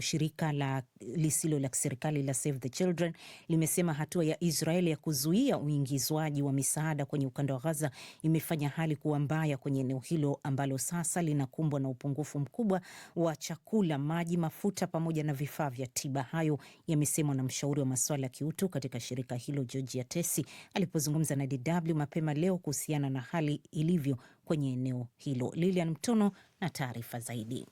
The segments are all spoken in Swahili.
Shirika la lisilo la kiserikali la Save the Children limesema hatua ya Israel ya kuzuia uingizwaji wa misaada kwenye ukanda wa Gaza imefanya hali kuwa mbaya kwenye eneo hilo ambalo sasa linakumbwa na upungufu mkubwa wa chakula, maji, mafuta pamoja na vifaa vya tiba. Hayo yamesemwa na mshauri wa masuala ya kiutu katika shirika hilo Georgia Tesi alipozungumza na DW mapema leo kuhusiana na hali ilivyo kwenye eneo hilo. Lilian Mtono na taarifa zaidi.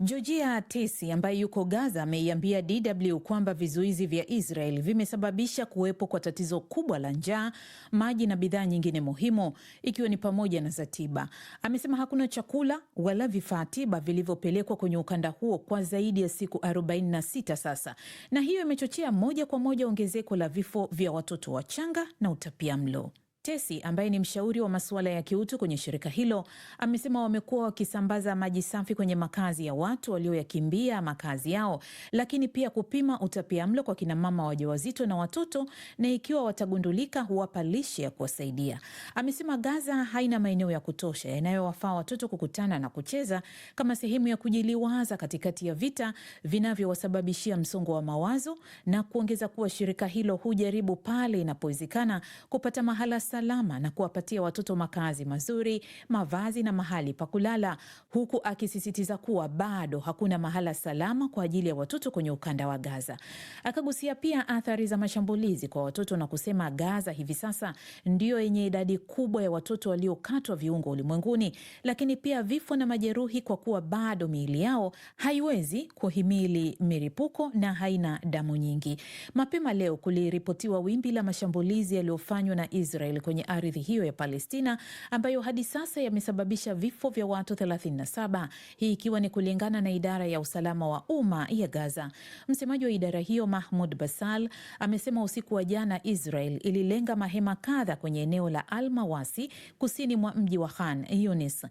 Georgia Tesi ambaye yuko Gaza ameiambia DW kwamba vizuizi vya Israel vimesababisha kuwepo kwa tatizo kubwa la njaa, maji na bidhaa nyingine muhimu ikiwa ni pamoja na za tiba. Amesema hakuna chakula wala vifaa tiba vilivyopelekwa kwenye ukanda huo kwa zaidi ya siku 46 sasa, na hiyo imechochea moja kwa moja ongezeko la vifo vya watoto wachanga na utapia mlo. Tesi ambaye ni mshauri wa masuala ya kiutu kwenye shirika hilo amesema wamekuwa wakisambaza maji safi kwenye makazi ya watu walioyakimbia makazi yao, lakini pia kupima utapiamlo kwa mama wajawazito na watoto, na ikiwa watagundulika huwapa lishe ya kuwasaidia. Amesema Gaza haina maeneo ya kutosha yanayowafaa watoto kukutana na kucheza kama sehemu ya kujiliwaza katikati ya vita vinavyowasababishia msongo wa mawazo, na kuongeza kuwa shirika hilo hujaribu pale inapowezekana kupata mahala salama na kuwapatia watoto makazi mazuri, mavazi na mahali pa kulala, huku akisisitiza kuwa bado hakuna mahala salama kwa ajili ya watoto kwenye ukanda wa Gaza. Akagusia pia athari za mashambulizi kwa watoto na kusema Gaza hivi sasa ndiyo yenye idadi kubwa ya watoto waliokatwa viungo ulimwenguni, lakini pia vifo na majeruhi, kwa kuwa bado miili yao haiwezi kuhimili milipuko na haina damu nyingi. Mapema leo kuliripotiwa wimbi la mashambulizi yaliyofanywa na Israel kwenye ardhi hiyo ya Palestina ambayo hadi sasa yamesababisha vifo vya watu 37, hii ikiwa ni kulingana na idara ya usalama wa umma ya Gaza. Msemaji wa idara hiyo Mahmud Basal amesema usiku wa jana Israel ililenga mahema kadha kwenye eneo la Al Mawasi kusini mwa mji wa Khan Yunis.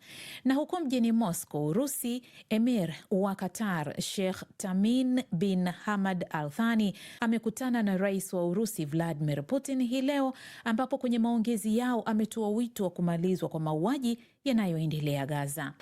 Na huko mjini Moscow, Urusi, Emir wa Qatar Sheikh Tamim bin Hamad Al Thani amekutana na rais wa Urusi Vladimir Putin hii leo ambapo kwenye maongezi yao ametoa wito wa kumalizwa kwa mauaji yanayoendelea Gaza.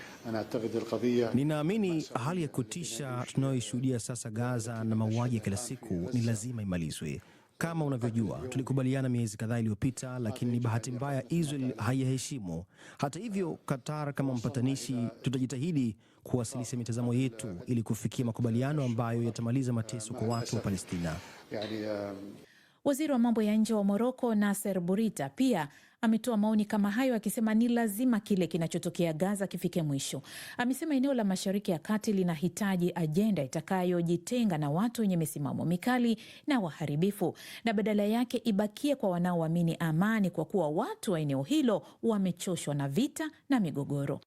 Ninaamini hali ya kutisha tunayoishuhudia sasa Gaza na mauaji ya kila siku ni lazima imalizwe. Kama unavyojua tulikubaliana miezi kadhaa iliyopita, lakini ni bahati mbaya Israel haiyaheshimu. Hata hivyo, Qatar kama mpatanishi, tutajitahidi kuwasilisha mitazamo yetu ili kufikia makubaliano ambayo yatamaliza mateso kwa watu wa Palestina. Waziri wa mambo ya nje wa Moroko Nasser Bourita pia ametoa maoni kama hayo akisema ni lazima kile kinachotokea Gaza kifike mwisho. Amesema eneo la Mashariki ya Kati linahitaji ajenda itakayojitenga na watu wenye misimamo mikali na waharibifu na badala yake ibakie kwa wanaoamini amani, kwa kuwa watu wa eneo hilo wamechoshwa na vita na migogoro.